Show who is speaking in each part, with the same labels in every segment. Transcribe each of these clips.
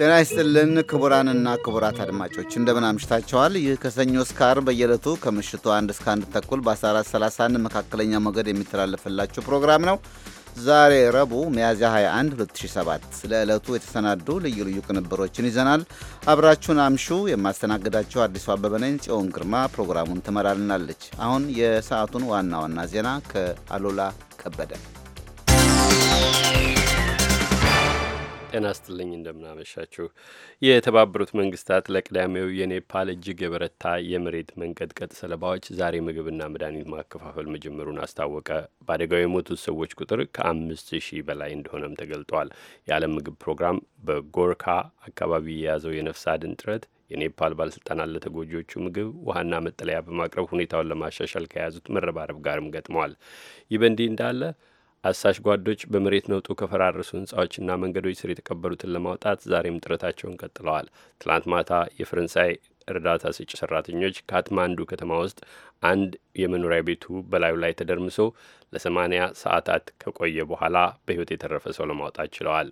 Speaker 1: ጤና ይስጥልን ክቡራንና ክቡራት አድማጮች እንደምን አምሽታቸዋል። ይህ ከሰኞ እስከ ዓርብ በየዕለቱ ከምሽቱ አንድ እስከ አንድ ተኩል በ1431 መካከለኛ ሞገድ የሚተላለፍላችሁ ፕሮግራም ነው። ዛሬ ረቡዕ ሚያዝያ 21 2007 ስለ ዕለቱ የተሰናዱ ልዩ ልዩ ቅንብሮችን ይዘናል። አብራችሁን አምሹ። የማስተናግዳቸው አዲሱ አበበ ነኝ። ጽዮን ግርማ ፕሮግራሙን ትመራልናለች። አሁን የሰዓቱን ዋና ዋና ዜና ከአሉላ ከበደ ጤና ይስጥልኝ እንደምናመሻችሁ። የተባበሩት
Speaker 2: መንግስታት ለቅዳሜው የኔፓል እጅግ የበረታ የመሬት መንቀጥቀጥ ሰለባዎች ዛሬ ምግብና መድኃኒት ማከፋፈል መጀመሩን አስታወቀ። በአደጋው የሞቱት ሰዎች ቁጥር ከአምስት ሺህ በላይ እንደሆነም ተገልጧል። የዓለም ምግብ ፕሮግራም በጎርካ አካባቢ የያዘው የነፍስ አድን ጥረት የኔፓል ባለስልጣናት ለተጎጂዎቹ ምግብ ውሃና መጠለያ በማቅረብ ሁኔታውን ለማሻሻል ከያዙት መረባረብ ጋርም ገጥመዋል። ይህ በእንዲህ እንዳለ አሳሽ ጓዶች በመሬት ነውጡ ከፈራረሱ ህንጻዎችና መንገዶች ስር የተቀበሩትን ለማውጣት ዛሬም ጥረታቸውን ቀጥለዋል። ትላንት ማታ የፈረንሳይ እርዳታ ሰጪ ሰራተኞች ካትማንዱ ከተማ ውስጥ አንድ የመኖሪያ ቤቱ በላዩ ላይ ተደርምሶ ለሰማንያ ሰዓታት ከቆየ በኋላ በሕይወት የተረፈ ሰው ለማውጣት ችለዋል።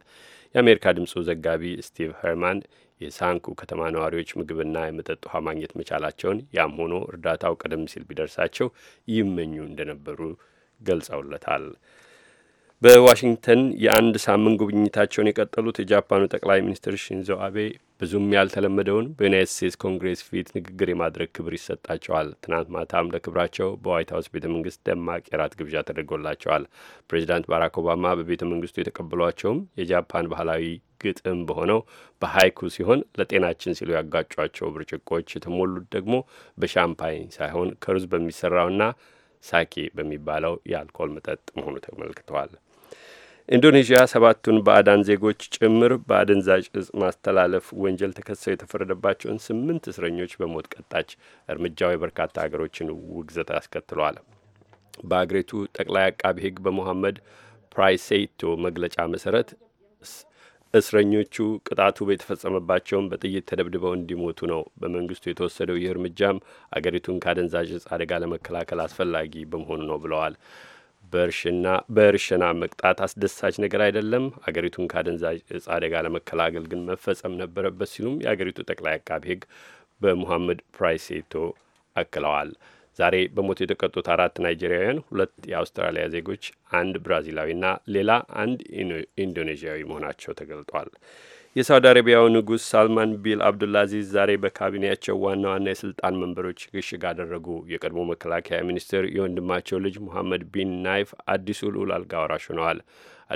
Speaker 2: የአሜሪካ ድምፁ ዘጋቢ ስቲቭ ሄርማን የሳንኩ ከተማ ነዋሪዎች ምግብና የመጠጥ ውሃ ማግኘት መቻላቸውን፣ ያም ሆኖ እርዳታው ቀደም ሲል ቢደርሳቸው ይመኙ እንደነበሩ ገልጸውለታል። በዋሽንግተን የአንድ ሳምንት ጉብኝታቸውን የቀጠሉት የጃፓኑ ጠቅላይ ሚኒስትር ሽንዞ አቤ ብዙም ያልተለመደውን በዩናይት ስቴትስ ኮንግሬስ ፊት ንግግር የማድረግ ክብር ይሰጣቸዋል። ትናንት ማታም ለክብራቸው በዋይት ሀውስ ቤተ መንግስት ደማቅ የራት ግብዣ ተደርጎላቸዋል። ፕሬዚዳንት ባራክ ኦባማ በቤተ መንግስቱ የተቀበሏቸውም የጃፓን ባህላዊ ግጥም በሆነው በሀይኩ ሲሆን ለጤናችን ሲሉ ያጋጯቸው ብርጭቆች የተሞሉት ደግሞ በሻምፓኝ ሳይሆን ከሩዝ በሚሰራውና ሳኬ በሚባለው የአልኮል መጠጥ መሆኑ ተመልክተዋል። ኢንዶኔዥያ ሰባቱን ባዕዳን ዜጎች ጭምር በአደንዛዥ እጽ ማስተላለፍ ወንጀል ተከሰው የተፈረደባቸውን ስምንት እስረኞች በሞት ቀጣች። እርምጃው የበርካታ ሀገሮችን ውግዘት አስከትሏል። በአገሪቱ ጠቅላይ አቃቢ ሕግ በሞሐመድ ፕራይሴቶ መግለጫ መሰረት እስረኞቹ ቅጣቱ የተፈጸመባቸውን በጥይት ተደብድበው እንዲሞቱ ነው። በመንግስቱ የተወሰደው ይህ እርምጃም አገሪቱን ከአደንዛዥ እጽ አደጋ ለመከላከል አስፈላጊ በመሆኑ ነው ብለዋል። በእርሽና መቅጣት አስደሳች ነገር አይደለም። አገሪቱን ከአደንዛዥ እጽ አደጋ ለመከላከል ግን መፈጸም ነበረበት ሲሉም የአገሪቱ ጠቅላይ አቃቢ ሕግ በሙሐመድ ፕራይሴቶ አክለዋል። ዛሬ በሞት የተቀጡት አራት ናይጄሪያውያን፣ ሁለት የአውስትራሊያ ዜጎች፣ አንድ ብራዚላዊና ሌላ አንድ ኢንዶኔዥያዊ መሆናቸው ተገልጧል። የሳውዲ አረቢያው ንጉሥ ሳልማን ቢል አብዱልአዚዝ ዛሬ በካቢኔያቸው ዋና ዋና የስልጣን መንበሮች ሽግሽግ አደረጉ። የቀድሞ መከላከያ ሚኒስትር የወንድማቸው ልጅ ሙሐመድ ቢን ናይፍ አዲሱ ልዑል አልጋ ወራሽ ሆነዋል።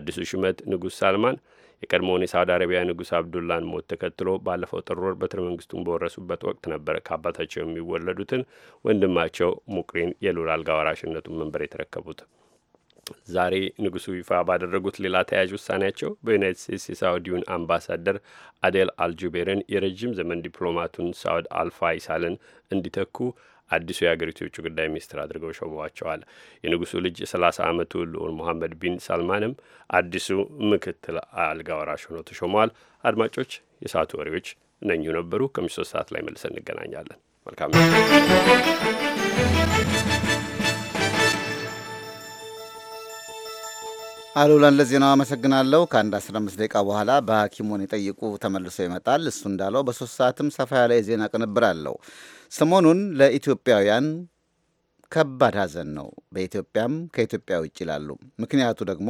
Speaker 2: አዲሱ ሹመት ንጉሥ ሳልማን የቀድሞውን የሳውዲ አረቢያ ንጉሥ አብዱላን ሞት ተከትሎ ባለፈው ጥር ወር በትረ መንግስቱን በወረሱበት ወቅት ነበር ከአባታቸው የሚወለዱትን ወንድማቸው ሙቅሪን የልዑል አልጋ ወራሽነቱን መንበር የተረከቡት። ዛሬ ንጉሱ ይፋ ባደረጉት ሌላ ተያያዥ ውሳኔያቸው በዩናይት ስቴትስ የሳውዲውን አምባሳደር አዴል አልጁቤርን የረዥም ዘመን ዲፕሎማቱን ሳውድ ይሳልን እንዲተኩ አዲሱ የአገሪቱ የውጭ ጉዳይ ሚኒስትር አድርገው ሾመዋቸዋል። የንጉሱ ልጅ የ30 ዓመቱ ልዑል ሞሐመድ ቢን ሳልማንም አዲሱ ምክትል አልጋ ወራሽ ሆኖ ተሾመዋል። አድማጮች፣ የሰዓቱ ወሬዎች እነኙ ነበሩ። ከምሽቱ ሶስት ሰዓት ላይ መልሰን እንገናኛለን። መልካም
Speaker 1: አሉላን ለዜናው አመሰግናለሁ። ከአንድ 15 ደቂቃ በኋላ በሐኪሙን የጠይቁ ተመልሶ ይመጣል። እሱ እንዳለው በሶስት ሰዓትም ሰፋ ያለ የዜና ቅንብር አለው። ሰሞኑን ለኢትዮጵያውያን ከባድ ሐዘን ነው። በኢትዮጵያም ከኢትዮጵያ ውጭ ይላሉ። ምክንያቱ ደግሞ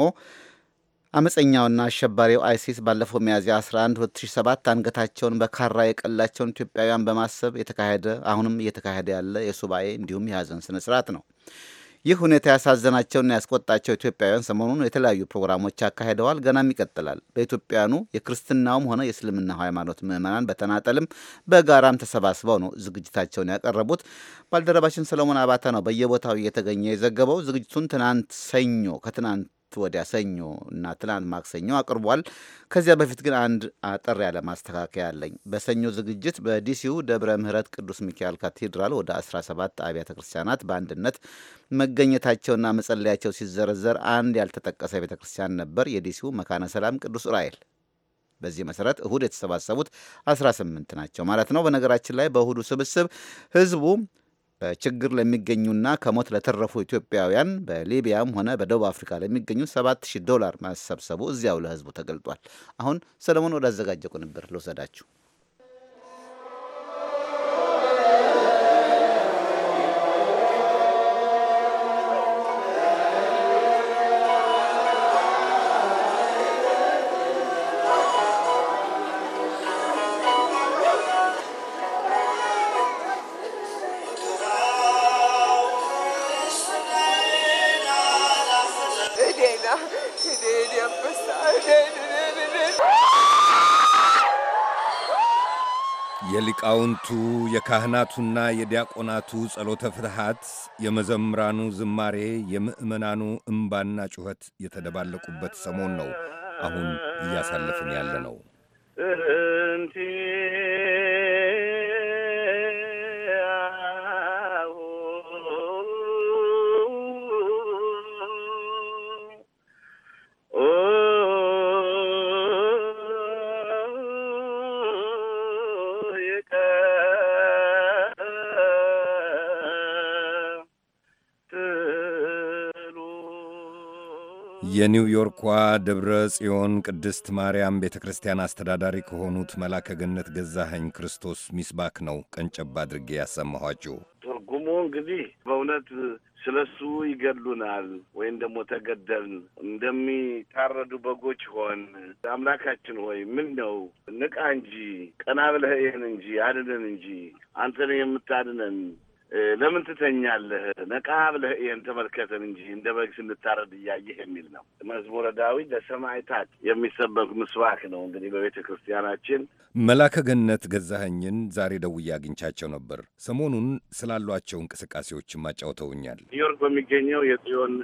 Speaker 1: አመፀኛውና አሸባሪው አይሲስ ባለፈው ሚያዝያ 11 2007 አንገታቸውን በካራ የቀላቸውን ኢትዮጵያውያን በማሰብ የተካሄደ አሁንም እየተካሄደ ያለ የሱባኤ እንዲሁም የሐዘን ስነ ስርዓት ነው። ይህ ሁኔታ ያሳዘናቸውና ያስቆጣቸው ኢትዮጵያውያን ሰሞኑን የተለያዩ ፕሮግራሞች አካሂደዋል። ገናም ይቀጥላል። በኢትዮጵያውያኑ የክርስትናውም ሆነ የእስልምና ሃይማኖት ምዕመናን በተናጠልም በጋራም ተሰባስበው ነው ዝግጅታቸውን ያቀረቡት። ባልደረባችን ሰለሞን አባተ ነው በየቦታው እየተገኘ የዘገበው። ዝግጅቱን ትናንት ሰኞ ከትናንት ወዲያ ሰኞ እና ትናንት ማክሰኞ አቅርቧል። ከዚያ በፊት ግን አንድ አጠር ያለ ማስተካከያ አለኝ። በሰኞ ዝግጅት በዲሲው ደብረ ምሕረት ቅዱስ ሚካኤል ካቴድራል ወደ 17 አብያተ ክርስቲያናት በአንድነት መገኘታቸውና መጸለያቸው ሲዘረዘር አንድ ያልተጠቀሰ ቤተ ክርስቲያን ነበር፣ የዲሲው መካነ ሰላም ቅዱስ ዑራኤል። በዚህ መሰረት እሁድ የተሰባሰቡት 18 ናቸው ማለት ነው። በነገራችን ላይ በእሁዱ ስብስብ ህዝቡ በችግር ለሚገኙና ከሞት ለተረፉ ኢትዮጵያውያን በሊቢያም ሆነ በደቡብ አፍሪካ ለሚገኙ 7000 ዶላር ማሰብሰቡ እዚያው ለህዝቡ ተገልጧል። አሁን ሰለሞን አዘጋጀው ቅንብር ልውሰዳችሁ።
Speaker 3: የሊቃውንቱ የካህናቱና የዲያቆናቱ ጸሎተ ፍትሐት፣ የመዘምራኑ ዝማሬ፣ የምዕመናኑ እምባና ጩኸት የተደባለቁበት ሰሞን ነው አሁን እያሳለፍን ያለ ነው። የኒውዮርኳ ደብረ ጽዮን ቅድስት ማርያም ቤተ ክርስቲያን አስተዳዳሪ ከሆኑት መላከ ገነት ገዛኸኝ ክርስቶስ ሚስባክ ነው ቀንጨባ አድርጌ ያሰማኋችሁ።
Speaker 4: ትርጉሙ እንግዲህ በእውነት ስለ እሱ ይገሉናል ወይም ደግሞ ተገደልን፣ እንደሚታረዱ በጎች ሆን። አምላካችን ሆይ ምን ነው ንቃ እንጂ ቀና ብለህ ይህን እንጂ አድነን እንጂ አንተን የምታድነን ለምን ትተኛለህ? ነቃ ብለህ ይህን ተመልከተን እንጂ እንደ በግ ስንታረድ እያየህ የሚል ነው። መዝሙረ ዳዊት ለሰማዕታት የሚሰበክ ምስባክ ነው። እንግዲህ በቤተ ክርስቲያናችን
Speaker 3: መላከ ገነት ገዛኸኝን ዛሬ ደውዬ አግኝቻቸው ነበር። ሰሞኑን ስላሏቸው እንቅስቃሴዎችም አጫውተውኛል።
Speaker 4: ኒውዮርክ በሚገኘው የጽዮን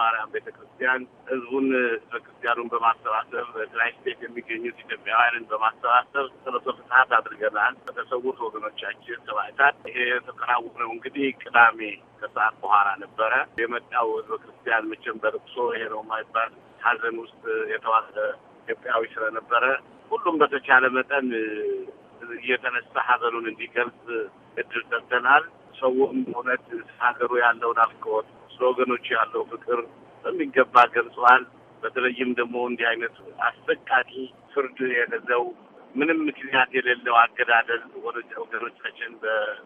Speaker 4: ማርያም ቤተ ክርስቲያን ህዝቡን ክርስቲያኑን በማሰባሰብ በትራይ ስቴት የሚገኙት ኢትዮጵያውያንን በማሰባሰብ ጸሎተ ፍትሐት አድርገናል። በተሰዉት ወገኖቻችን ሰማዕታት ይሄ የተከናወነ ነው እንግዲህ ቅዳሜ ከሰዓት በኋላ ነበረ የመጣው ህዝበ ክርስቲያን መቼም በልቅሶ ይሄ ነው የማይባል ሀዘን ውስጥ የተዋለ ኢትዮጵያዊ ስለነበረ ሁሉም በተቻለ መጠን እየተነሳ ሀዘኑን እንዲገልጽ እድል ሰጥተናል። ሰውም እውነት ሀገሩ ያለውን አፍቅሮት ስለወገኖቹ ያለው ፍቅር በሚገባ ገልጸዋል። በተለይም ደግሞ እንዲህ አይነት አሰቃቂ ፍርድ የገዘው ምንም ምክንያት የሌለው አገዳደል ወገኖቻችን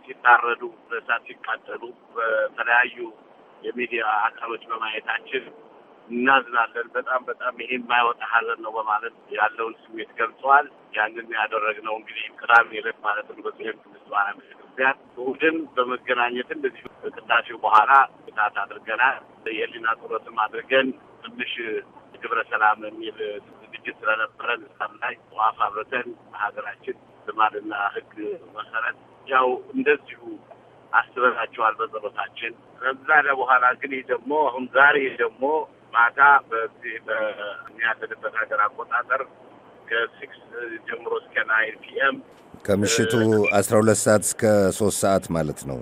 Speaker 4: ሲታረዱ፣ በእሳት ሲቃጠሉ በተለያዩ የሚዲያ አካሎች በማየታችን እናዝናለን። በጣም በጣም ይሄ የማይወጣ ሀዘን ነው በማለት ያለውን ስሜት ገልጸዋል። ያንን ያደረግነው እንግዲህ ቅዳሜ ዕለት ማለት ነው በጽዮን ቅድስት ማርያም ቤተክርስቲያን እሑድን በመገናኘት እንደዚህ ቅዳሴው በኋላ ቅጣት አድርገናል። የህሊና ጸሎትም አድርገን ትንሽ ግብረ ሰላም የሚል ድርጅት ስለነበረን እዛም ላይ ዋፍ አብረተን በሀገራችን ልማድና ህግ መሰረት ያው እንደዚሁ አስበናቸዋል በጸሎታችን። ከዛደ በኋላ ግን ይህ ደግሞ አሁን ዛሬ ደግሞ ማታ በዚህ በሚያለንበት ሀገር አቆጣጠር ከሲክስ ጀምሮ እስከ ናይን ፒኤም
Speaker 3: ከምሽቱ አስራ ሁለት ሰዓት እስከ ሶስት ሰዓት ማለት ነው።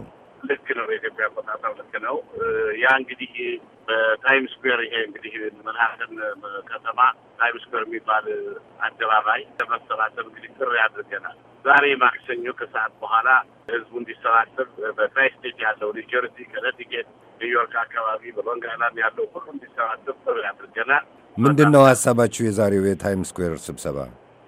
Speaker 4: ልክ ነው። የኢትዮጵያ አቆጣጠር ልክ ነው። ያ እንግዲህ በታይም ስኩዌር ይሄ እንግዲህ መናሀተን ከተማ ታይም ስኩዌር የሚባል አደባባይ ለመሰባሰብ እንግዲህ ጥሪ አድርገናል። ዛሬ ማክሰኞ ከሰዓት በኋላ ህዝቡ እንዲሰባሰብ በትራይ ስቴት ያለው ኒውጀርሲ፣ ከነቲኬት፣ ኒውዮርክ አካባቢ በሎንግ አይላንድ ያለው ሁሉ እንዲሰባሰብ ጥሪ አድርገናል።
Speaker 3: ምንድን ነው ሀሳባችሁ የዛሬው የታይም ስኩዌር ስብሰባ?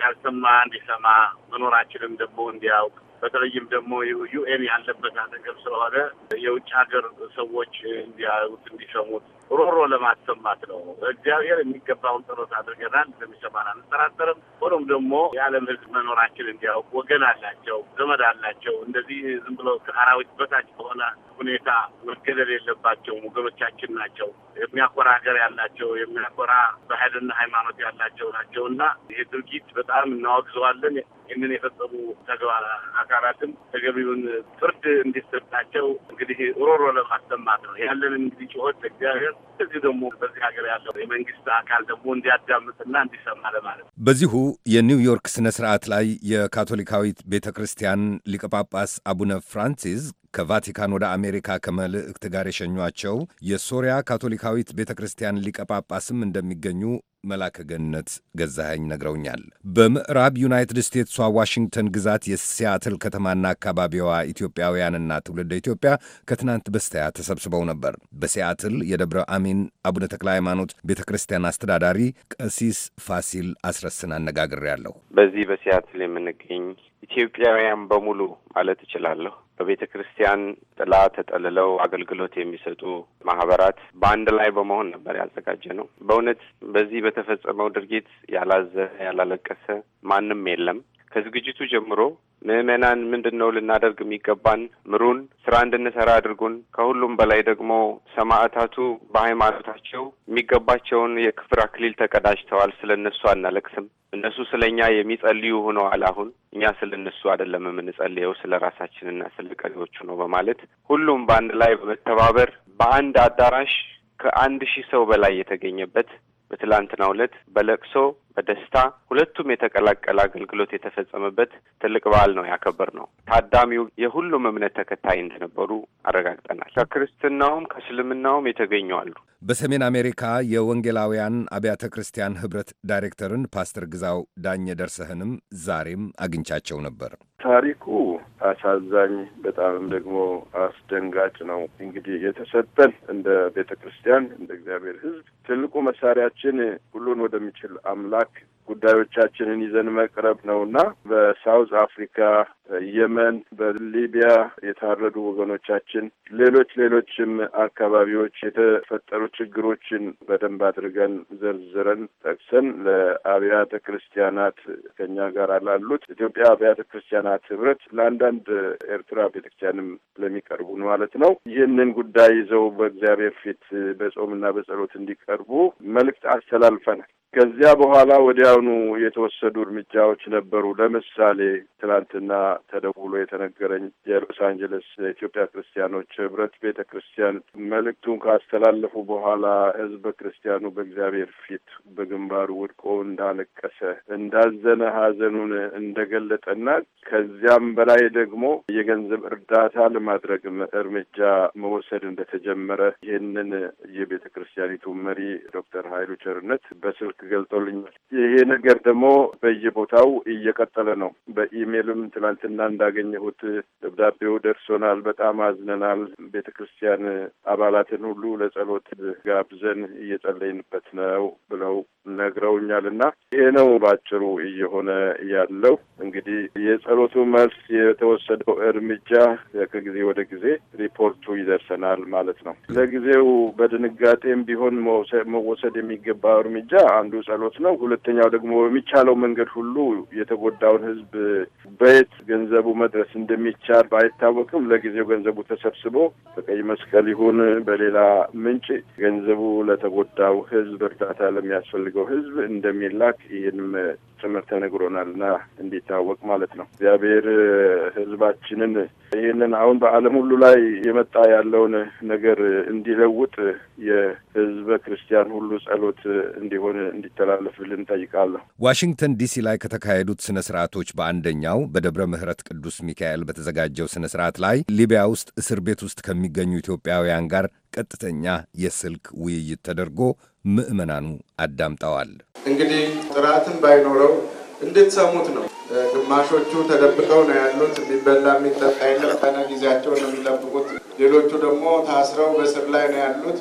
Speaker 4: ያልሰማ እንዲሰማ መኖራችንም ደግሞ እንዲያውቅ በተለይም ደግሞ ዩኤን ያለበት አጠገብ ስለሆነ የውጭ ሀገር ሰዎች እንዲያዩት እንዲሰሙት ሮሮ ለማሰማት ነው። እግዚአብሔር የሚገባውን ጸሎት አድርገናል፣ እንደሚሰማን አንጠራጠርም። ሆኖም ደግሞ የዓለም ሕዝብ መኖራችን እንዲያውቅ ወገን አላቸው፣ ዘመድ አላቸው። እንደዚህ ዝም ብለው ከአራዊት በታች በሆነ ሁኔታ መገደል የለባቸው ወገኖቻችን ናቸው። የሚያኮራ ሀገር ያላቸው የሚያኮራ ባህልና ሃይማኖት ያላቸው ናቸው እና ይሄ ድርጊት በጣም እናወግዘዋለን። ይህንን የፈጸሙ ተግባር አካላትም ተገቢውን ፍርድ እንዲሰጣቸው እንግዲህ ሮሮ ለማሰማት ነው ያለንን እንግዲህ ጩኸት እግዚአብሔር እዚህ ደግሞ በዚህ ሀገር ያለው የመንግስት አካል ደግሞ እንዲያዳምጥና እንዲሰማ ለማለት
Speaker 3: ነው። በዚሁ የኒውዮርክ ስነ ስርዓት ላይ የካቶሊካዊት ቤተ ክርስቲያን ሊቀ ጳጳስ አቡነ ፍራንሲስ ከቫቲካን ወደ አሜሪካ ከመልእክት ጋር የሸኟቸው የሶሪያ ካቶሊካዊት ቤተ ክርስቲያን ሊቀ ጳጳስም እንደሚገኙ መላከገነት ገዛኸኝ ነግረውኛል። በምዕራብ ዩናይትድ ስቴትሷ ዋሽንግተን ግዛት የሲያትል ከተማና አካባቢዋ ኢትዮጵያውያንና ትውልደ ኢትዮጵያ ከትናንት በስቲያ ተሰብስበው ነበር። በሲያትል የደብረ አሚን አቡነ ተክለ ሃይማኖት ቤተ ክርስቲያን አስተዳዳሪ ቀሲስ ፋሲል አስረስን አነጋግሬያለሁ።
Speaker 5: በዚህ በሲያትል የምንገኝ ኢትዮጵያውያን በሙሉ ማለት እችላለሁ በቤተ ክርስቲያን ጥላ ተጠልለው አገልግሎት የሚሰጡ ማህበራት በአንድ ላይ በመሆን ነበር ያዘጋጀ ነው። በእውነት በዚህ በተፈጸመው ድርጊት ያላዘነ ያላለቀሰ ማንም የለም። ከዝግጅቱ ጀምሮ ምዕመናን ምንድን ነው ልናደርግ የሚገባን ምሩን፣ ስራ እንድንሰራ አድርጉን። ከሁሉም በላይ ደግሞ ሰማዕታቱ በሃይማኖታቸው የሚገባቸውን የክብር አክሊል ተቀዳጅተዋል። ስለ እነሱ አናለቅስም። እነሱ ስለ እኛ የሚጸልዩ ሆነዋል። አሁን እኛ ስለ እነሱ አይደለም የምንጸልየው ስለ ራሳችንና ስለ ቀሪዎቹ ነው በማለት ሁሉም በአንድ ላይ በመተባበር በአንድ አዳራሽ ከአንድ ሺህ ሰው በላይ የተገኘበት በትላንትናው ዕለት በለቅሶ በደስታ ሁለቱም የተቀላቀለ አገልግሎት የተፈጸመበት ትልቅ በዓል ነው ያከበር ነው። ታዳሚው የሁሉም እምነት ተከታይ እንደነበሩ አረጋግጠናል። ከክርስትናውም ከእስልምናውም የተገኙ አሉ።
Speaker 3: በሰሜን አሜሪካ የወንጌላውያን አብያተ ክርስቲያን ህብረት ዳይሬክተርን ፓስተር ግዛው ዳኘ ደርሰህንም ዛሬም አግኝቻቸው ነበር።
Speaker 5: ታሪኩ
Speaker 6: አሳዛኝ በጣምም ደግሞ አስደንጋጭ ነው። እንግዲህ የተሰጠን እንደ ቤተ ክርስቲያን እንደ እግዚአብሔር ህዝብ ትልቁ መሳሪያችን ሁሉን ወደሚችል አምላክ ኢራቅ ጉዳዮቻችንን ይዘን መቅረብ ነው እና በሳውዝ አፍሪካ፣ የመን፣ በሊቢያ የታረዱ ወገኖቻችን፣ ሌሎች ሌሎችም አካባቢዎች የተፈጠሩ ችግሮችን በደንብ አድርገን ዘርዝረን ጠቅሰን ለአብያተ ክርስቲያናት ከኛ ጋር ላሉት ኢትዮጵያ አብያተ ክርስቲያናት ህብረት ለአንዳንድ ኤርትራ ቤተክርስቲያንም ለሚቀርቡ ማለት ነው ይህንን ጉዳይ ይዘው በእግዚአብሔር ፊት በጾምና በጸሎት እንዲቀርቡ መልእክት አስተላልፈናል። ከዚያ በኋላ ወዲያውኑ የተወሰዱ እርምጃዎች ነበሩ። ለምሳሌ ትናንትና ተደውሎ የተነገረኝ የሎስ አንጀለስ የኢትዮጵያ ክርስቲያኖች ህብረት ቤተ ክርስቲያን መልእክቱን ካስተላለፉ በኋላ ህዝበ ክርስቲያኑ በእግዚአብሔር ፊት በግንባሩ ወድቆ እንዳለቀሰ እንዳዘነ፣ ሀዘኑን እንደገለጠና ከዚያም በላይ ደግሞ የገንዘብ እርዳታ ለማድረግ እርምጃ መወሰድ እንደተጀመረ ይህንን የቤተ ክርስቲያኒቱ መሪ ዶክተር ሀይሉ ቸርነት በስልክ ገልጦልኛል ይሄ ነገር ደግሞ በየቦታው እየቀጠለ ነው። በኢሜልም ትናንትና እንዳገኘሁት ደብዳቤው ደርሶናል። በጣም አዝነናል። ቤተ ክርስቲያን አባላትን ሁሉ ለጸሎት ጋብዘን እየጸለይንበት ነው ብለው ነግረውኛል እና ይሄ ነው ባጭሩ እየሆነ ያለው። እንግዲህ የጸሎቱ መልስ የተወሰደው እርምጃ ከጊዜ ወደ ጊዜ ሪፖርቱ ይደርሰናል ማለት ነው። ለጊዜው በድንጋጤም ቢሆን መወሰድ የሚገባ እርምጃ አንዱ ጸሎት ነው። ሁለተኛው ደግሞ በሚቻለው መንገድ ሁሉ የተጎዳውን ሕዝብ በየት ገንዘቡ መድረስ እንደሚቻል ባይታወቅም ለጊዜው ገንዘቡ ተሰብስቦ በቀይ መስቀል ይሁን በሌላ ምንጭ ገንዘቡ ለተጎዳው ሕዝብ እርዳታ ለሚያስፈልግ ለሚፈልገው ህዝብ እንደሚላክ ይህንም ጭምር ተነግሮናል እና እንዲታወቅ ማለት ነው። እግዚአብሔር ህዝባችንን ይህንን አሁን በዓለም ሁሉ ላይ የመጣ ያለውን ነገር እንዲለውጥ የህዝበ ክርስቲያን ሁሉ ጸሎት እንዲሆን እንዲተላለፍልን ጠይቃለሁ።
Speaker 3: ዋሽንግተን ዲሲ ላይ ከተካሄዱት ስነ ስርዓቶች በአንደኛው በደብረ ምህረት ቅዱስ ሚካኤል በተዘጋጀው ስነ ስርዓት ላይ ሊቢያ ውስጥ እስር ቤት ውስጥ ከሚገኙ ኢትዮጵያውያን ጋር ቀጥተኛ የስልክ ውይይት ተደርጎ ምዕመናኑ አዳምጠዋል።
Speaker 5: እንግዲህ ጥራትን ባይኖረው እንድትሰሙት ነው። ግማሾቹ ተደብቀው ነው ያሉት። የሚበላ የሚጠጣ የለም። ቀነ ነው የሚጠብቁት። ሌሎቹ ደግሞ ታስረው በስር ላይ ነው ያሉት።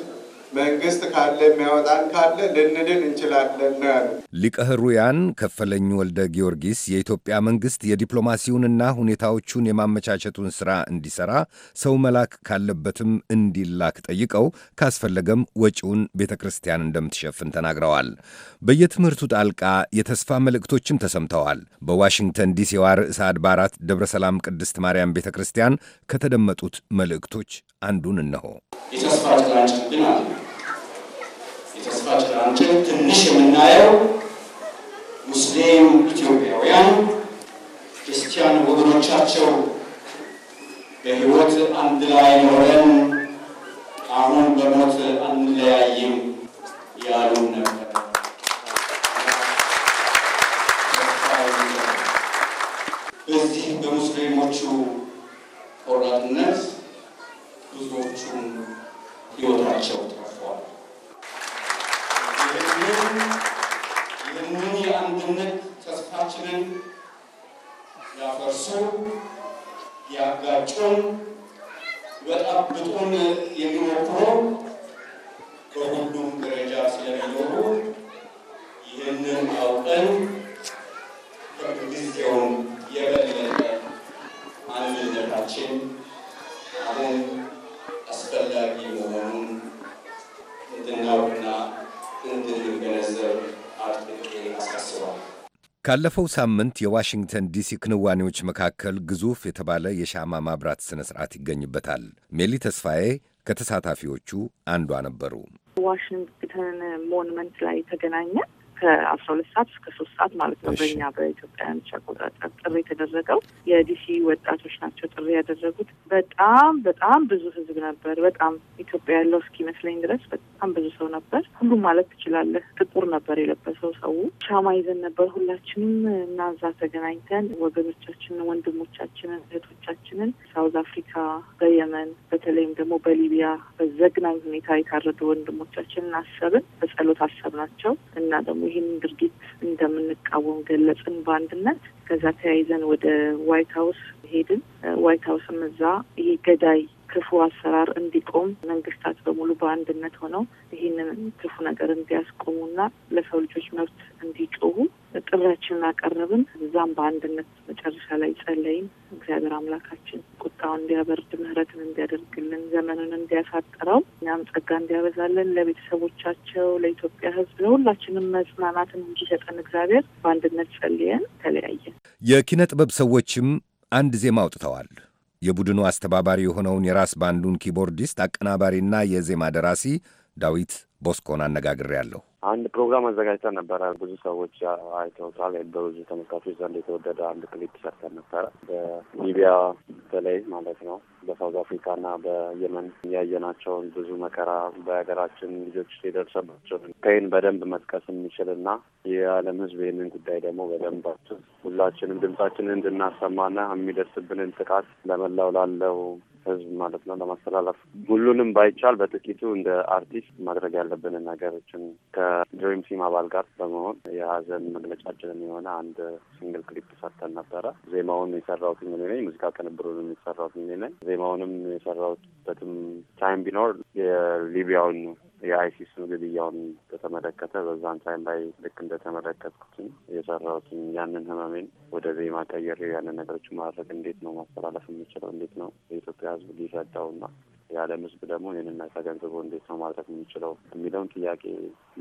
Speaker 5: መንግስት ካለ የሚያወጣን ካለ ልንድን እንችላለን ነው ያሉ
Speaker 3: ሊቀ ሕሩያን ከፈለኝ ወልደ ጊዮርጊስ የኢትዮጵያ መንግስት የዲፕሎማሲውንና ሁኔታዎቹን የማመቻቸቱን ስራ እንዲሰራ ሰው መላክ ካለበትም እንዲላክ ጠይቀው ካስፈለገም ወጪውን ቤተ ክርስቲያን እንደምትሸፍን ተናግረዋል። በየትምህርቱ ጣልቃ የተስፋ መልእክቶችም ተሰምተዋል። በዋሽንግተን ዲሲዋ ርዕሰ አድባራት ደብረ ሰላም ቅድስት ማርያም ቤተ ክርስቲያን ከተደመጡት መልእክቶች አንዱን እነሆ። የተስፋ ግን አለ ተስፋ ጭላንጭል ትንሽ የምናየው
Speaker 4: ሙስሊም ኢትዮጵያውያን
Speaker 3: ክርስቲያን ወገኖቻቸው በህይወት አንድ ላይ ኖረን አሁን በሞት አንለያይም ያሉን ነበር። በዚህ በሙስሊሞቹ ቆራጥነት ብዙዎቹም ሕይወታቸው ያፈረሱን፣ ያጋጩን፣ በጣብጡን የሚሞክሩ በሁሉም ደረጃ ስለሚኖሩ ይህንን አውቀን ከጊዜውም የበለጠ
Speaker 4: አንድነታችን አሁን አስፈላጊ መሆኑን
Speaker 7: እንድናውቅና እንድንገነዘብ አርጥቄ አሳስባለሁ።
Speaker 3: ካለፈው ሳምንት የዋሽንግተን ዲሲ ክንዋኔዎች መካከል ግዙፍ የተባለ የሻማ ማብራት ሥነ ስርዓት ይገኝበታል። ሜሊ ተስፋዬ ከተሳታፊዎቹ አንዷ ነበሩ።
Speaker 7: ዋሽንግተን ሞኑመንት ላይ ተገናኘ። ከአስራ ሁለት ሰዓት እስከ ሶስት ሰዓት ማለት ነው በእኛ በኢትዮጵያውያኖች አቆጣጠር ጥሪ የተደረገው። የዲሲ ወጣቶች ናቸው ጥሪ ያደረጉት። በጣም በጣም ብዙ ህዝብ ነበር። በጣም ኢትዮጵያ ያለው እስኪመስለኝ ድረስ በጣም ብዙ ሰው ነበር። ሁሉም ማለት ትችላለህ። ጥቁር ነበር የለበሰው ሰው። ሻማ ይዘን ነበር ሁላችንም እና እዛ ተገናኝተን ወገኖቻችንን፣ ወንድሞቻችንን፣ እህቶቻችንን ሳውዝ አፍሪካ፣ በየመን በተለይም ደግሞ በሊቢያ በዘግናኝ ሁኔታ የታረዱ ወንድሞቻችንን አሰብን፣ በጸሎት አሰብናቸው እና ደግሞ ይህንን ድርጊት እንደምንቃወም ገለጽን በአንድነት። ከዛ ተያይዘን ወደ ዋይት ሀውስ ሄድን። ዋይት ሀውስም እዛ ይሄ ገዳይ ክፉ አሰራር እንዲቆም መንግስታት በሙሉ በአንድነት ሆነው ይህንን ክፉ ነገር እንዲያስቆሙና ለሰው ልጆች መብት እንዲጮሁ ጥሪያችንን አቀረብን። እዛም በአንድነት መጨረሻ ላይ ጸለይን። እግዚአብሔር አምላካችን ቁጣውን እንዲያበርድ ምሕረትን እንዲያደርግልን ዘመኑን እንዲያሳጥረው እኛም ጸጋ እንዲያበዛልን ለቤተሰቦቻቸው፣ ለኢትዮጵያ ሕዝብ ለሁላችንም መጽናናትን እንዲሰጠን እግዚአብሔር በአንድነት ጸልየን ተለያየን።
Speaker 3: የኪነ ጥበብ ሰዎችም አንድ ዜማ አውጥተዋል። የቡድኑ አስተባባሪ የሆነውን የራስ ባንዱን ኪቦርዲስት አቀናባሪና የዜማ ደራሲ ዳዊት ቦስኮን ያለሁ
Speaker 8: አንድ ፕሮግራም አዘጋጅተን ነበረ። ብዙ ሰዎች አይተውታል። በብዙ ተመልካቾች ዘንድ የተወደደ አንድ ክሊፕ ሰርተን ነበረ። በሊቢያ በተለይ ማለት ነው በሳውዝ አፍሪካና በየመን ያየናቸውን ብዙ መከራ በሀገራችን ልጆች የደርሰባቸውን ከይን በደንብ መጥቀስ የሚችልና የዓለም ሕዝብ ይህንን ጉዳይ ደግሞ በደንብ ሁላችንም ድምጻችንን እንድናሰማና የሚደርስብንን ጥቃት ለመላው ላለው ህዝብ ማለት ነው ለማስተላለፍ ሁሉንም ባይቻል በጥቂቱ እንደ አርቲስት ማድረግ ያለብንን ነገሮችን ከድሪም ሲም አባል ጋር በመሆን የሀዘን መግለጫችንን የሆነ አንድ ሲንግል ክሊፕ ሰርተን ነበረ። ዜማውን የሰራሁት እኔ ነኝ። ሙዚቃ ቅንብሩንም የሰራሁት እኔ ነኝ። ዜማውንም የሰራሁበትም ታይም ቢኖር የሊቢያውን የአይሲስ ግድያውን በተመለከተ በዛን ታይም ላይ ልክ እንደተመለከትኩትም የሰራሁትን ያንን ህመሜን ወደ ዜማ ቀየሬ ያንን ነገሮች ማድረግ እንዴት ነው ማስተላለፍ የምችለው እንዴት ነው የኢትዮጵያ ህዝብ ሊረዳውና የዓለም ሕዝብ ደግሞ ይህንና ተገንዝቦ እንዴት ነው ማድረግ የምንችለው የሚለውን ጥያቄ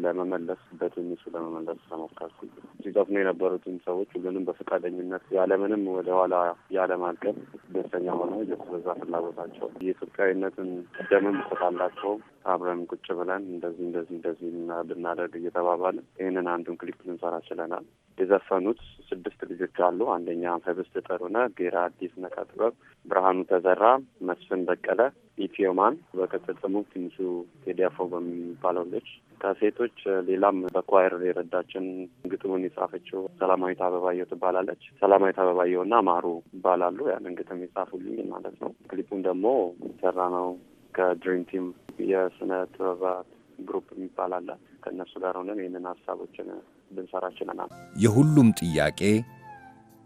Speaker 8: ለመመለስ በትንሹ ለመመለስ ተሞከርኩ። ሲዘፍኑ የነበሩትን ሰዎች ሁሉንም በፈቃደኝነት ያለምንም ወደኋላ ያለማቀፍ ደስተኛ ሆነው የተበዛ ፍላጎታቸው የኢትዮጵያዊነትን ደምም ስላላቸው አብረን ቁጭ ብለን እንደዚህ እንደዚህ እንደዚህ ብናደርግ እየተባባል ይህንን አንዱን ክሊፕ ልንሰራ ችለናል። የዘፈኑት ስድስት ልጆች አሉ። አንደኛ ህብስት ጥሩነህ፣ ጌራ አዲስ፣ ነቃ ጥበብ ብርሃኑ ተዘራ፣ መስፍን በቀለ፣ ኢትዮማን በቅጽል ስሙ ትንሹ ቴዲያፎ በሚባለው ልጅ ከሴቶች ሌላም በኳይር የረዳችን ግጥሙን የጻፈችው ሰላማዊት አበባየው ትባላለች። ሰላማዊት አበባየው እና ማሩ ይባላሉ። ያንን ግጥም የጻፉልኝ ማለት ነው። ክሊፑን ደግሞ ሰራ ነው ከድሪም ቲም የስነ ጥበባት ግሩፕ የሚባል አለ። ከእነሱ ጋር ሆነን ይህንን ሀሳቦችን ልንሰራ
Speaker 3: ችለናል። የሁሉም ጥያቄ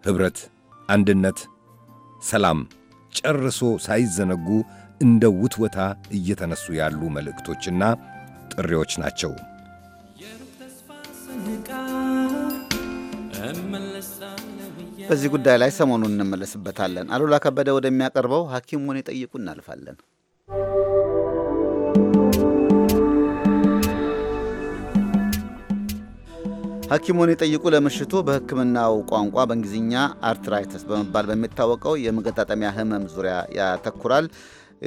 Speaker 3: ህብረት፣ አንድነት፣ ሰላም ጨርሶ ሳይዘነጉ እንደ ውትወታ እየተነሱ ያሉ መልእክቶችና ጥሪዎች ናቸው። በዚህ
Speaker 1: ጉዳይ ላይ ሰሞኑን እንመለስበታለን። አሉላ ከበደ ወደሚያቀርበው ሐኪሙን ይጠይቁ እናልፋለን። ሀኪሙን የጠይቁ ለምሽቱ በሕክምናው ቋንቋ በእንግሊዝኛ አርትራይተስ በመባል በሚታወቀው የመገጣጠሚያ ህመም ዙሪያ ያተኩራል።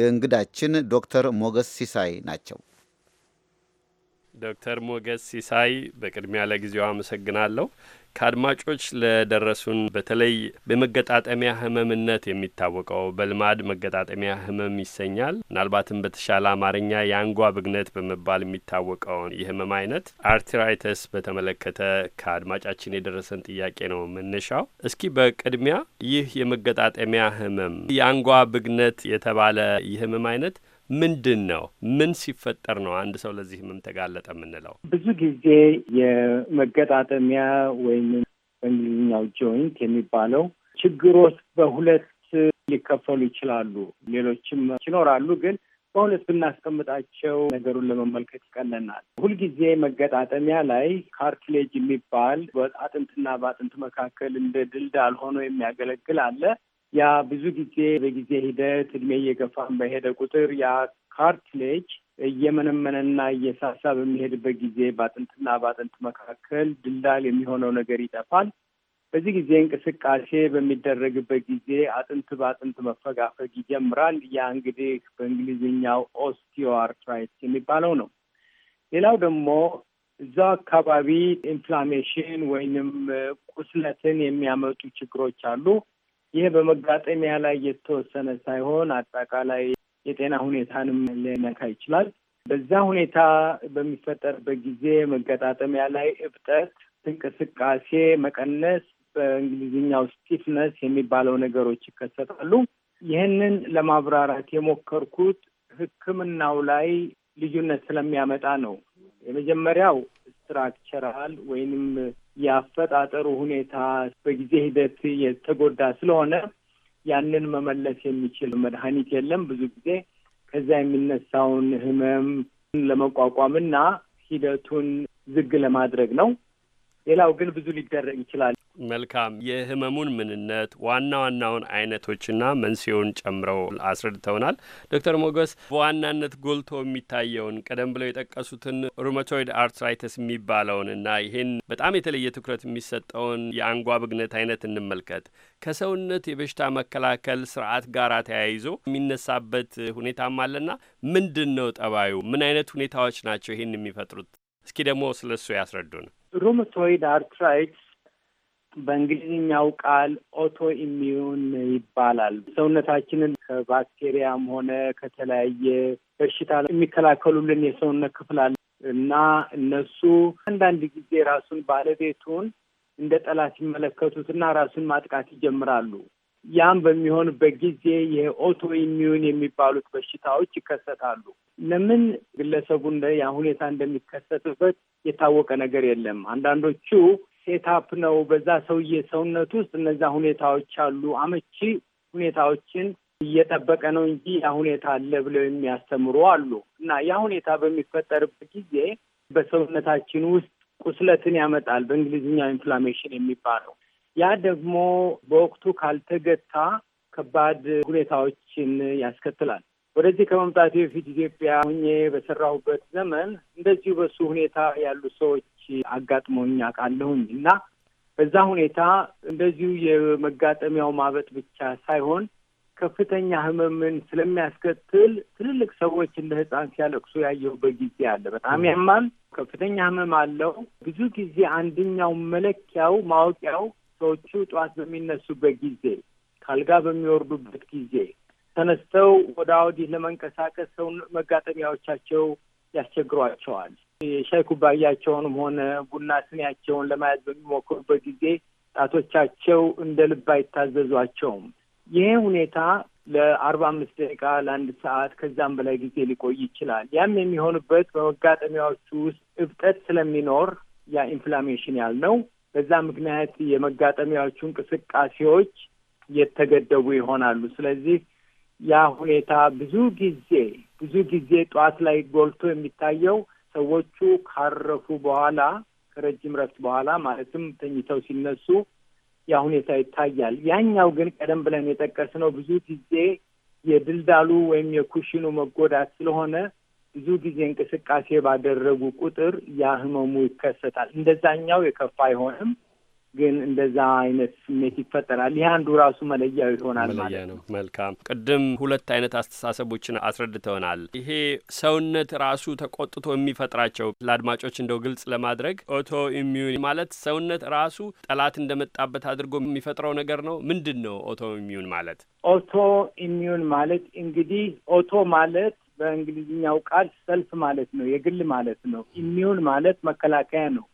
Speaker 1: እንግዳችን ዶክተር ሞገስ ሲሳይ ናቸው።
Speaker 2: ዶክተር ሞገስ ሲሳይ በቅድሚያ ለጊዜው አመሰግናለሁ። ከአድማጮች ለደረሱን በተለይ በመገጣጠሚያ ህመምነት የሚታወቀው በልማድ መገጣጠሚያ ህመም ይሰኛል። ምናልባትም በተሻለ አማርኛ የአንጓ ብግነት በመባል የሚታወቀውን የህመም አይነት አርትራይተስ በተመለከተ ከአድማጫችን የደረሰን ጥያቄ ነው መነሻው። እስኪ በቅድሚያ ይህ የመገጣጠሚያ ህመም የአንጓ ብግነት የተባለ የህመም አይነት ምንድን ነው? ምን ሲፈጠር ነው አንድ ሰው ለዚህ ህመም ተጋለጠ የምንለው?
Speaker 9: ብዙ ጊዜ የመገጣጠሚያ ወይም በእንግሊዝኛው ጆይንት የሚባለው ችግሮች በሁለት ሊከፈሉ ይችላሉ። ሌሎችም ይኖራሉ ግን በሁለት ብናስቀምጣቸው ነገሩን ለመመልከት ይቀለናል። ሁልጊዜ መገጣጠሚያ ላይ ካርትሌጅ የሚባል በአጥንትና በአጥንት መካከል እንደ ድልዳል ሆኖ የሚያገለግል አለ። ያ ብዙ ጊዜ በጊዜ ሂደት እድሜ እየገፋ በሄደ ቁጥር ያ ካርትሌጅ እየመነመነና እየሳሳ በሚሄድበት ጊዜ በአጥንትና በአጥንት መካከል ድልዳል የሚሆነው ነገር ይጠፋል። በዚህ ጊዜ እንቅስቃሴ በሚደረግበት ጊዜ አጥንት በአጥንት መፈጋፈግ ይጀምራል። ያ እንግዲህ በእንግሊዝኛው ኦስቲዮአርትራይት የሚባለው ነው። ሌላው ደግሞ እዛው አካባቢ ኢንፍላሜሽን ወይንም ቁስለትን የሚያመጡ ችግሮች አሉ። ይህ በመጋጠሚያ ላይ የተወሰነ ሳይሆን አጠቃላይ የጤና ሁኔታንም ሊነካ ይችላል። በዛ ሁኔታ በሚፈጠርበት ጊዜ መገጣጠሚያ ላይ እብጠት፣ እንቅስቃሴ መቀነስ፣ በእንግሊዝኛው ስቲፍነስ የሚባለው ነገሮች ይከሰታሉ። ይህንን ለማብራራት የሞከርኩት ሕክምናው ላይ ልዩነት ስለሚያመጣ ነው። የመጀመሪያው ስትራክቸራል ወይንም የአፈጣጠሩ ሁኔታ በጊዜ ሂደት የተጎዳ ስለሆነ ያንን መመለስ የሚችል መድኃኒት የለም። ብዙ ጊዜ ከዛ የሚነሳውን ህመም ለመቋቋምና ሂደቱን ዝግ ለማድረግ ነው። ሌላው ግን
Speaker 4: ብዙ ሊደረግ ይችላል።
Speaker 2: መልካም የህመሙን ምንነት ዋና ዋናውን አይነቶችና መንስኤውን ጨምረው አስረድተውናል። ዶክተር ሞገስ በዋናነት ጎልቶ የሚታየውን ቀደም ብለው የጠቀሱትን ሩመቶይድ አርትራይተስ የሚባለውን እና ይህን በጣም የተለየ ትኩረት የሚሰጠውን የአንጓ ብግነት አይነት እንመልከት። ከሰውነት የበሽታ መከላከል ስርዓት ጋር ተያይዞ የሚነሳበት ሁኔታም አለና ምንድን ነው ጠባዩ? ምን አይነት ሁኔታዎች ናቸው ይህን የሚፈጥሩት? እስኪ ደግሞ ስለ እሱ ያስረዱን።
Speaker 9: ሩመቶይድ አርትራይትስ በእንግሊዝኛው ቃል ኦቶ ኢሚዩን ይባላል። ሰውነታችንን ከባክቴሪያም ሆነ ከተለያየ በሽታ የሚከላከሉልን የሰውነት ክፍል አለ እና እነሱ አንዳንድ ጊዜ ራሱን ባለቤቱን እንደ ጠላት እና ራሱን ማጥቃት ይጀምራሉ። ያም በሚሆንበት ጊዜ የኦቶ ኢሚዩን የሚባሉት በሽታዎች ይከሰታሉ። ለምን ግለሰቡ እንደ ያ ሁኔታ እንደሚከሰትበት የታወቀ ነገር የለም። አንዳንዶቹ ሴታፕ ነው። በዛ ሰውዬ ሰውነት ውስጥ እነዛ ሁኔታዎች አሉ። አመቺ ሁኔታዎችን እየጠበቀ ነው እንጂ ያ ሁኔታ አለ ብለው የሚያስተምሩ አሉ እና ያ ሁኔታ በሚፈጠርበት ጊዜ በሰውነታችን ውስጥ ቁስለትን ያመጣል። በእንግሊዝኛ ኢንፍላሜሽን የሚባለው ያ ደግሞ በወቅቱ ካልተገታ ከባድ ሁኔታዎችን ያስከትላል። ወደዚህ ከመምጣቴ በፊት ኢትዮጵያ ሁኜ በሰራሁበት ዘመን እንደዚሁ በሱ ሁኔታ ያሉ ሰዎች አጋጥሞኝ አውቃለሁኝ እና በዛ ሁኔታ እንደዚሁ የመጋጠሚያው ማበጥ ብቻ ሳይሆን ከፍተኛ ህመምን ስለሚያስከትል ትልልቅ ሰዎች እንደ ሕፃን ሲያለቅሱ ያየሁበት ጊዜ አለ። በጣም ያማል፣ ከፍተኛ ህመም አለው። ብዙ ጊዜ አንደኛው መለኪያው ማወቂያው ሰዎቹ ጠዋት በሚነሱበት ጊዜ፣ ካልጋ በሚወርዱበት ጊዜ ተነስተው ወደ አውዲህ ለመንቀሳቀስ ሰው መጋጠሚያዎቻቸው ያስቸግሯቸዋል። የሻይ ኩባያቸውንም ሆነ ቡና ስኒያቸውን ለማያዝ በሚሞክሩበት ጊዜ ጣቶቻቸው እንደ ልብ አይታዘዟቸውም። ይሄ ሁኔታ ለአርባ አምስት ደቂቃ ለአንድ ሰዓት ከዛም በላይ ጊዜ ሊቆይ ይችላል። ያም የሚሆንበት በመጋጠሚያዎቹ ውስጥ እብጠት ስለሚኖር ያ ኢንፍላሜሽን ያልነው በዛ ምክንያት የመጋጠሚያዎቹ እንቅስቃሴዎች የተገደቡ ይሆናሉ። ስለዚህ ያ ሁኔታ ብዙ ጊዜ ብዙ ጊዜ ጠዋት ላይ ጎልቶ የሚታየው ሰዎቹ ካረፉ በኋላ ከረጅም ረፍት በኋላ ማለትም ተኝተው ሲነሱ ያ ሁኔታ ይታያል። ያኛው ግን ቀደም ብለን የጠቀስነው ብዙ ጊዜ የድልዳሉ ወይም የኩሽኑ መጎዳት ስለሆነ ብዙ ጊዜ እንቅስቃሴ ባደረጉ ቁጥር ያ ህመሙ ይከሰታል። እንደዛኛው የከፋ አይሆንም። ግን እንደዛ አይነት ስሜት ይፈጠራል። ይህ አንዱ ራሱ መለያው ይሆናል ማለት ነው።
Speaker 2: መልካም ቅድም ሁለት አይነት አስተሳሰቦችን አስረድተውናል። ይሄ ሰውነት ራሱ ተቆጥቶ የሚፈጥራቸው ለአድማጮች እንደው ግልጽ ለማድረግ ኦቶ ኢሚዩን ማለት ሰውነት ራሱ ጠላት እንደመጣበት አድርጎ የሚፈጥረው ነገር ነው። ምንድን ነው ኦቶ ኢሚዩን ማለት?
Speaker 9: ኦቶ ኢሚዩን ማለት እንግዲህ ኦቶ ማለት በእንግሊዝኛው ቃል ሰልፍ ማለት ነው፣ የግል ማለት ነው። ኢሚዩን ማለት መከላከያ ነው።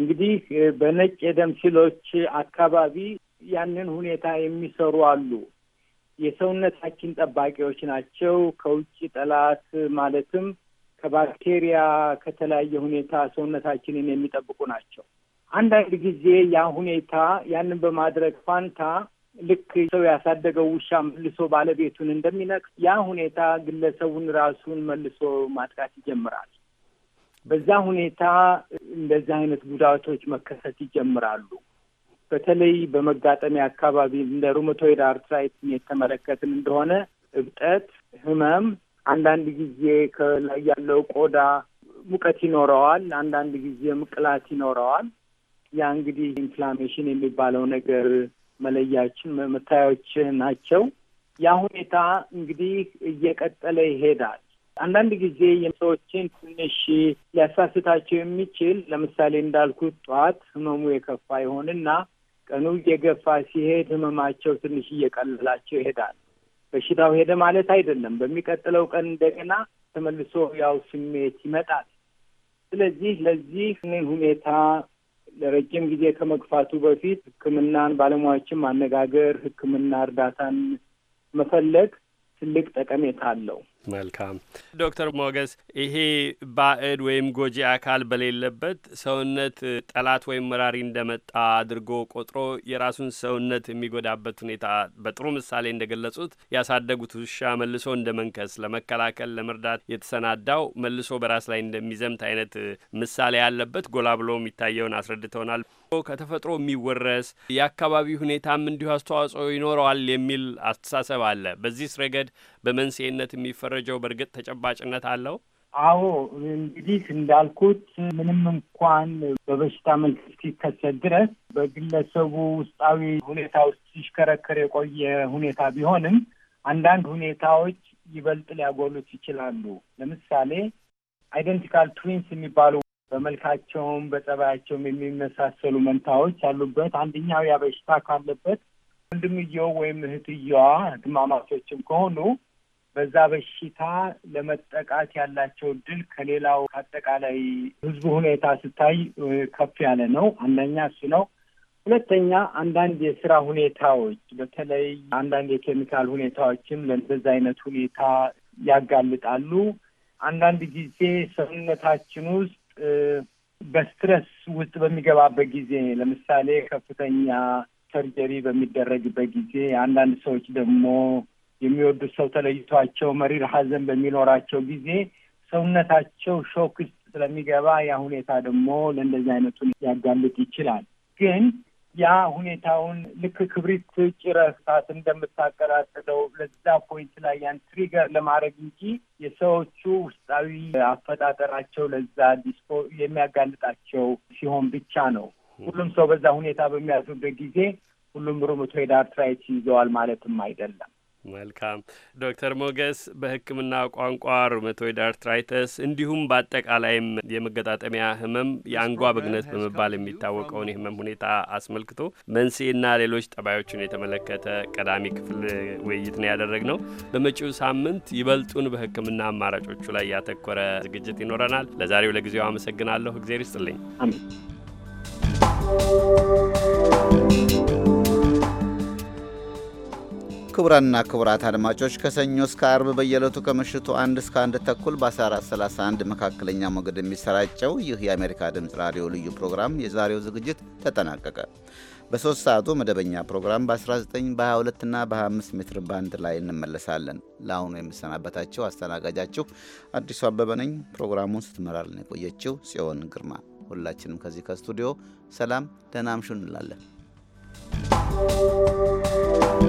Speaker 9: እንግዲህ በነጭ የደም ሲሎች አካባቢ ያንን ሁኔታ የሚሰሩ አሉ። የሰውነታችን ጠባቂዎች ናቸው። ከውጭ ጠላት ማለትም ከባክቴሪያ ከተለያየ ሁኔታ ሰውነታችንን የሚጠብቁ ናቸው። አንዳንድ ጊዜ ያ ሁኔታ ያንን በማድረግ ፋንታ ልክ ሰው ያሳደገው ውሻ መልሶ ባለቤቱን እንደሚነቅስ ያ ሁኔታ ግለሰቡን ራሱን መልሶ ማጥቃት ይጀምራል። በዛ ሁኔታ እንደዚህ አይነት ጉዳቶች መከሰት ይጀምራሉ። በተለይ በመጋጠሚያ አካባቢ እንደ ሩመቶይድ አርትራይትን የተመለከትን እንደሆነ እብጠት፣ ህመም፣ አንዳንድ ጊዜ ከላይ ያለው ቆዳ ሙቀት ይኖረዋል፣ አንዳንድ ጊዜ ቅላት ይኖረዋል። ያ እንግዲህ ኢንፍላሜሽን የሚባለው ነገር መለያችን መታዮች ናቸው። ያ ሁኔታ እንግዲህ እየቀጠለ ይሄዳል። አንዳንድ ጊዜ ሰዎችን ትንሽ ሊያሳስታቸው የሚችል ለምሳሌ እንዳልኩት ጠዋት ህመሙ የከፋ ይሆንና ቀኑ እየገፋ ሲሄድ ህመማቸው ትንሽ እየቀለላቸው ይሄዳል። በሽታው ሄደ ማለት አይደለም። በሚቀጥለው ቀን እንደገና ተመልሶ ያው ስሜት ይመጣል። ስለዚህ ለዚህ ሁኔታ ለረጅም ጊዜ ከመግፋቱ በፊት ሕክምናን ባለሙያዎችን ማነጋገር፣ ሕክምና እርዳታን መፈለግ ትልቅ ጠቀሜታ አለው።
Speaker 2: መልካም ዶክተር ሞገስ ይሄ ባዕድ ወይም ጎጂ አካል በሌለበት ሰውነት ጠላት ወይም መራሪ እንደመጣ አድርጎ ቆጥሮ የራሱን ሰውነት የሚጎዳበት ሁኔታ በጥሩ ምሳሌ እንደገለጹት ያሳደጉት ውሻ መልሶ እንደ መንከስ ለመከላከል ለመርዳት የተሰናዳው መልሶ በራስ ላይ እንደሚዘምት አይነት ምሳሌ ያለበት ጎላ ብሎ የሚታየውን አስረድተውናል። ከተፈጥሮ የሚወረስ የአካባቢ ሁኔታም እንዲሁ አስተዋጽኦ ይኖረዋል የሚል አስተሳሰብ አለ። በዚህ ረገድ በመንስኤነት የሚፈረጀው በእርግጥ ተጨባጭነት አለው?
Speaker 9: አዎ እንግዲህ እንዳልኩት ምንም እንኳን በበሽታ መልክ እስኪከሰት ድረስ በግለሰቡ ውስጣዊ ሁኔታ ውስጥ ሲሽከረከር የቆየ ሁኔታ ቢሆንም አንዳንድ ሁኔታዎች ይበልጥ ሊያጎሉት ይችላሉ። ለምሳሌ አይደንቲካል ትዊንስ የሚባሉ በመልካቸውም በጸባያቸውም የሚመሳሰሉ መንታዎች ያሉበት አንደኛው ያ በሽታ ካለበት ወንድምየው ወይም እህትየዋ ህትማማቾችም ከሆኑ በዛ በሽታ ለመጠቃት ያላቸው እድል ከሌላው ከአጠቃላይ ህዝቡ ሁኔታ ስታይ ከፍ ያለ ነው። አንደኛ እሱ ነው። ሁለተኛ አንዳንድ የስራ ሁኔታዎች በተለይ አንዳንድ የኬሚካል ሁኔታዎችም ለእንደዚህ አይነት ሁኔታ ያጋልጣሉ። አንዳንድ ጊዜ ሰውነታችን ውስጥ በስትረስ ውስጥ በሚገባበት ጊዜ ለምሳሌ ከፍተኛ ሰርጀሪ በሚደረግበት ጊዜ አንዳንድ ሰዎች ደግሞ የሚወዱት ሰው ተለይቷቸው መሪር ሐዘን በሚኖራቸው ጊዜ ሰውነታቸው ሾክ ውስጥ ስለሚገባ ያ ሁኔታ ደግሞ ለእንደዚህ አይነቱን ሊያጋልጥ ይችላል። ግን ያ ሁኔታውን ልክ ክብሪት ጭረህ እሳት እንደምታቀጣጥለው ለዛ ፖይንት ላይ ያን ትሪገር ለማድረግ እንጂ የሰዎቹ ውስጣዊ አፈጣጠራቸው ለዛ ዲስፖ የሚያጋልጣቸው ሲሆን ብቻ ነው። ሁሉም ሰው በዛ ሁኔታ በሚያልፍበት ጊዜ ሁሉም ሩመቶይድ አርትራይት ይዘዋል ማለትም አይደለም።
Speaker 2: መልካም ዶክተር ሞገስ በህክምና ቋንቋ ሩመቶይድ አርትራይተስ እንዲሁም በአጠቃላይም የመገጣጠሚያ ህመም የአንጓ ብግነት በመባል የሚታወቀውን የህመም ሁኔታ አስመልክቶ መንስኤና ሌሎች ጠባዮችን የተመለከተ ቀዳሚ ክፍል ውይይት ነው ነው በመጪው ሳምንት ይበልጡን በህክምና አማራጮቹ ላይ ያተኮረ ዝግጅት ይኖረናል። ለዛሬው ለጊዜው አመሰግናለሁ። እግዜር ይስጥልኝ።
Speaker 1: ክቡራንና ክቡራት አድማጮች ከሰኞ እስከ አርብ በየዕለቱ ከምሽቱ አንድ እስከ አንድ ተኩል በ1431 መካከለኛ ሞገድ የሚሰራጨው ይህ የአሜሪካ ድምፅ ራዲዮ ልዩ ፕሮግራም የዛሬው ዝግጅት ተጠናቀቀ። በሶስት ሰዓቱ መደበኛ ፕሮግራም በ19 በ22 እና በ25 ሜትር ባንድ ላይ እንመለሳለን። ለአሁኑ የምሰናበታችሁ አስተናጋጃችሁ አዲሱ አበበ ነኝ። ፕሮግራሙን ስትመራልን የቆየችው ጽዮን ግርማ። ሁላችንም ከዚህ ከስቱዲዮ ሰላም ደህና አምሹ እንላለን።